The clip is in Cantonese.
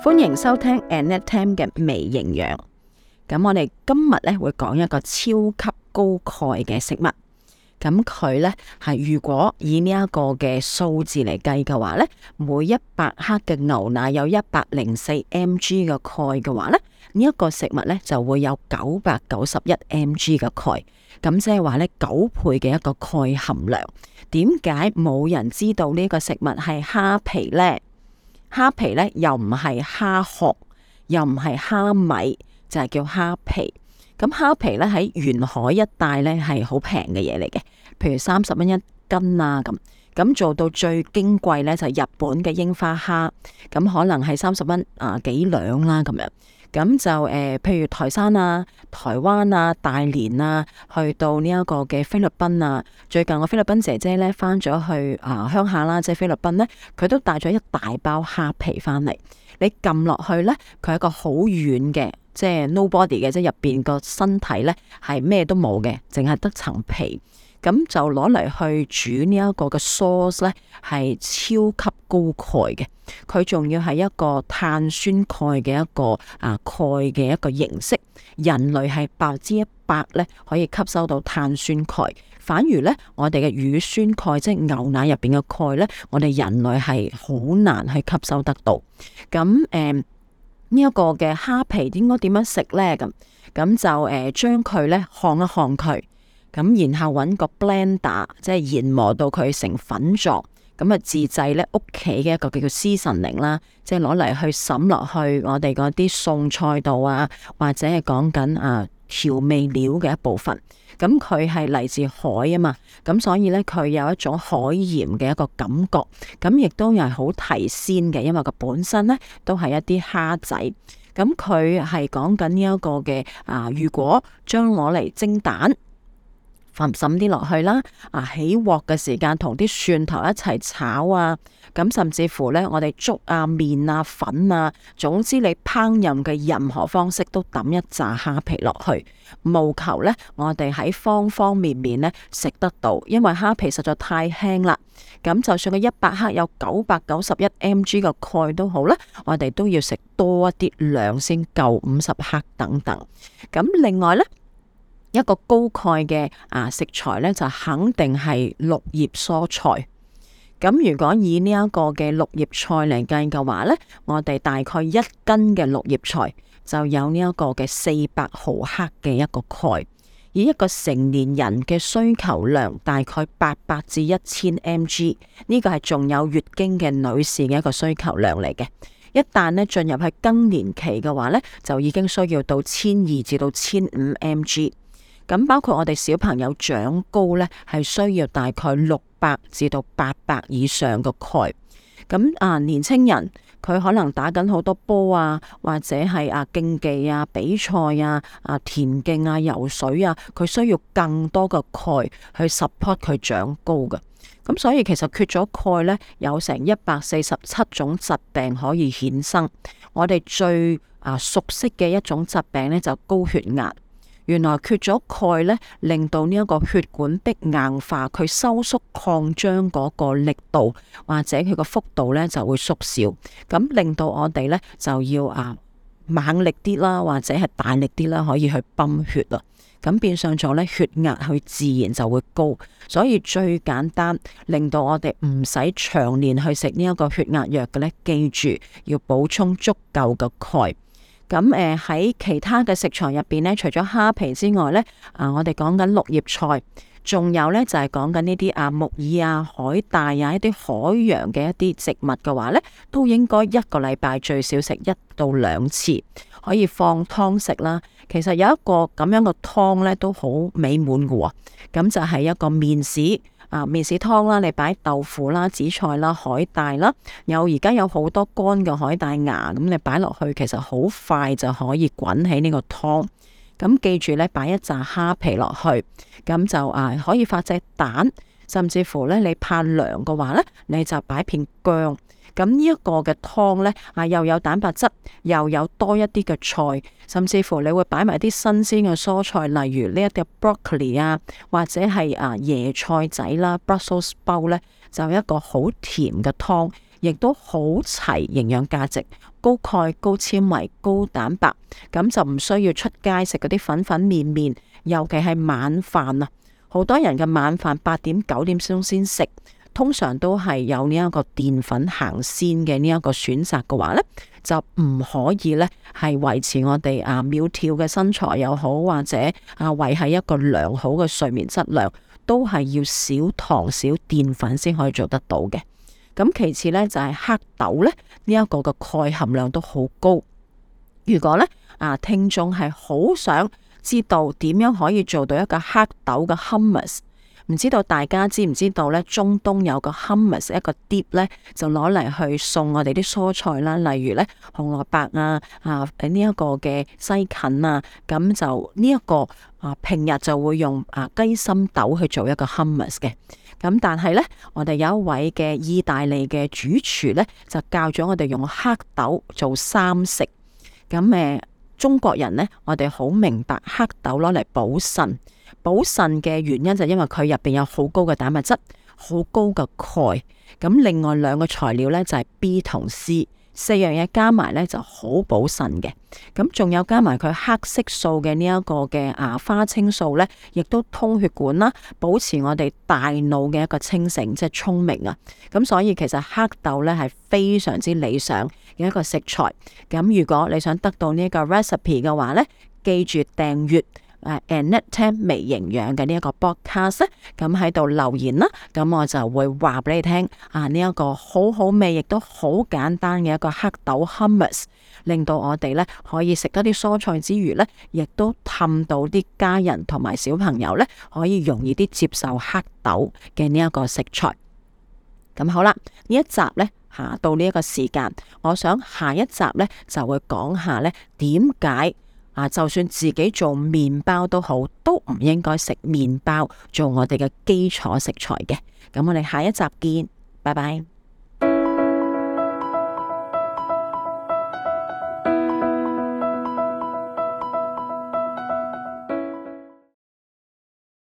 歡迎收聽 Annette Tam 嘅微營養。咁我哋今日咧會講一個超級高鈣嘅食物。咁佢咧係如果以呢一個嘅數字嚟計嘅話咧，每一百克嘅牛奶有一百零四 mg 嘅鈣嘅話咧，呢一個食物咧就會有九百九十一 mg 嘅鈣。咁即係話咧九倍嘅一個鈣含量。點解冇人知道呢個食物係蝦皮咧？蝦皮咧又唔係蝦殼，又唔係蝦米，就係叫蝦皮。咁蝦皮咧喺沿海一帶咧係好平嘅嘢嚟嘅，譬如三十蚊一斤啦，啊咁。咁做到最矜貴咧就係、是、日本嘅櫻花蝦，咁可能係三十蚊啊幾兩啦咁樣。咁就誒、呃，譬如台山啊、台灣啊、大連啊，去到呢一個嘅菲律賓啊。最近我菲律賓姐姐咧翻咗去啊鄉、呃、下啦，即係菲律賓咧，佢都帶咗一大包蝦皮翻嚟。你撳落去咧，佢係一個好軟嘅，即係 nobody 嘅，即係入邊個身體咧係咩都冇嘅，淨係得層皮。咁就攞嚟去煮呢一個嘅 sauce 咧，係超級高鈣嘅。佢仲要係一個碳酸鈣嘅一個啊鈣嘅一個形式。人類係百分之一百咧可以吸收到碳酸鈣，反而咧我哋嘅乳酸鈣，即係牛奶入邊嘅鈣咧，我哋人類係好難去吸收得到。咁誒呢一個嘅蝦皮應該點樣食咧？咁咁就誒、呃、將佢咧看一看佢。咁然後揾個 blender，即係研磨到佢成粉狀，咁啊自製咧屋企嘅一個叫做 seasoning 啦，即係攞嚟去滲落去我哋嗰啲餸菜度啊，或者係講緊啊調味料嘅一部分。咁佢係嚟自海啊嘛，咁所以咧佢有一種海鹽嘅一個感覺，咁、嗯、亦都係好提鮮嘅，因為佢本身咧都係一啲蝦仔，咁佢係講緊呢一個嘅啊，如果將攞嚟蒸蛋。揼啲落去啦，啊起鑊嘅時間同啲蒜頭一齊炒啊，咁甚至乎呢，我哋粥啊、麵啊、粉啊，總之你烹飪嘅任何方式都抌一紮蝦皮落去，務求呢，我哋喺方方面面呢食得到，因為蝦皮實在太輕啦，咁就算佢一百克有九百九十一 mg 嘅鈣都好啦，我哋都要食多一啲量先夠五十克等等，咁另外呢。一個高鈣嘅啊食材呢，就肯定係綠葉蔬菜。咁如果以呢一個嘅綠葉菜嚟計嘅話呢，我哋大概一斤嘅綠葉菜就有呢一個嘅四百毫克嘅一個鈣。以一個成年人嘅需求量，大概八百至一千 mg。呢個係仲有月經嘅女士嘅一個需求量嚟嘅。一旦呢進入去更年期嘅話呢，就已經需要到千二至到千五 mg。咁包括我哋小朋友長高呢，係需要大概六百至到八百以上個鈣。咁啊，年青人佢可能打緊好多波啊，或者係啊競技啊比賽啊啊田徑啊游水啊，佢需要更多嘅鈣去 support 佢長高嘅。咁所以其實缺咗鈣呢，有成一百四十七種疾病可以衍生。我哋最啊熟悉嘅一種疾病呢，就高血壓。原來缺咗鈣咧，令到呢一個血管壁硬化，佢收縮擴張嗰個力度或者佢個幅度咧就會縮小，咁令到我哋咧就要啊猛力啲啦，或者係大力啲啦，可以去泵血啊，咁變相咗咧血壓佢自然就會高，所以最簡單令到我哋唔使長年去食呢一個血壓藥嘅咧，記住要補充足夠嘅鈣。咁誒喺其他嘅食材入邊呢，除咗蝦皮之外呢，啊，我哋講緊綠葉菜，仲有呢就係、是、講緊呢啲啊木耳啊，海帶啊一啲海洋嘅一啲植物嘅話呢，都應該一個禮拜最少食一到兩次，可以放湯食啦。其實有一個咁樣嘅湯呢都好美滿嘅喎、哦，咁就係一個麵豉。啊！麵豉湯啦，你擺豆腐啦、紫菜啦、海帶啦，有而家有好多乾嘅海帶芽，咁你擺落去，其實好快就可以滾起呢個湯。咁記住咧，擺一紮蝦皮落去，咁就啊可以發隻蛋，甚至乎咧你怕涼嘅話咧，你就擺片薑。咁呢一個嘅湯呢，啊又有蛋白質，又有多一啲嘅菜，甚至乎你會擺埋啲新鮮嘅蔬菜，例如呢一碟 broccoli 啊，或者係啊椰菜仔啦、啊，Brussels sprout 呢，就一個好甜嘅湯，亦都好齊營養價值，高鈣、高纖維、高蛋白，咁就唔需要出街食嗰啲粉粉麵麵，尤其係晚飯啊，好多人嘅晚飯八點九點鐘先食。通常都係有呢一個澱粉行先嘅呢一個選擇嘅話呢，就唔可以呢係維持我哋啊苗條嘅身材又好，或者啊維係一個良好嘅睡眠質量，都係要少糖少澱粉先可以做得到嘅。咁其次呢，就係黑豆呢，呢一個嘅鈣含量都好高。如果呢，啊聽眾係好想知道點樣可以做到一個黑豆嘅 hummus。唔知道大家知唔知道呢，中東有個 hummus 一個碟呢，就攞嚟去餸我哋啲蔬菜啦，例如呢紅蘿蔔啊啊，呢、啊、一、這個嘅西芹啊，咁、嗯、就呢、這、一個啊平日就會用啊雞心豆去做一個 hummus 嘅。咁、嗯、但係呢，我哋有一位嘅意大利嘅主廚呢，就教咗我哋用黑豆做三食。咁、嗯、誒、嗯，中國人呢，我哋好明白黑豆攞嚟補腎。補腎嘅原因就因為佢入邊有好高嘅蛋白質，好高嘅鈣，咁另外兩個材料呢，就係 B 同 C，四樣嘢加埋呢，就好補腎嘅。咁仲有加埋佢黑色素嘅呢一個嘅啊花青素呢，亦都通血管啦，保持我哋大腦嘅一個清醒，即係聰明啊。咁所以其實黑豆呢係非常之理想嘅一個食材。咁如果你想得到呢一個 recipe 嘅話呢，記住訂閱。誒、uh，Annette Tam 微營養嘅呢一個 podcast 咧，咁喺度留言啦，咁我就會話俾你聽，啊呢一、這個好好味，亦都好簡單嘅一個黑豆 hummus，令到我哋咧可以食多啲蔬菜之餘咧，亦都氹到啲家人同埋小朋友咧可以容易啲接受黑豆嘅呢一個食材。咁好啦，呢一集咧，下到呢一個時間，我想下一集咧就會講下咧點解。啊！就算自己做麵包都好，都唔應該食麵包，做我哋嘅基礎食材嘅。咁我哋下一集見，拜拜。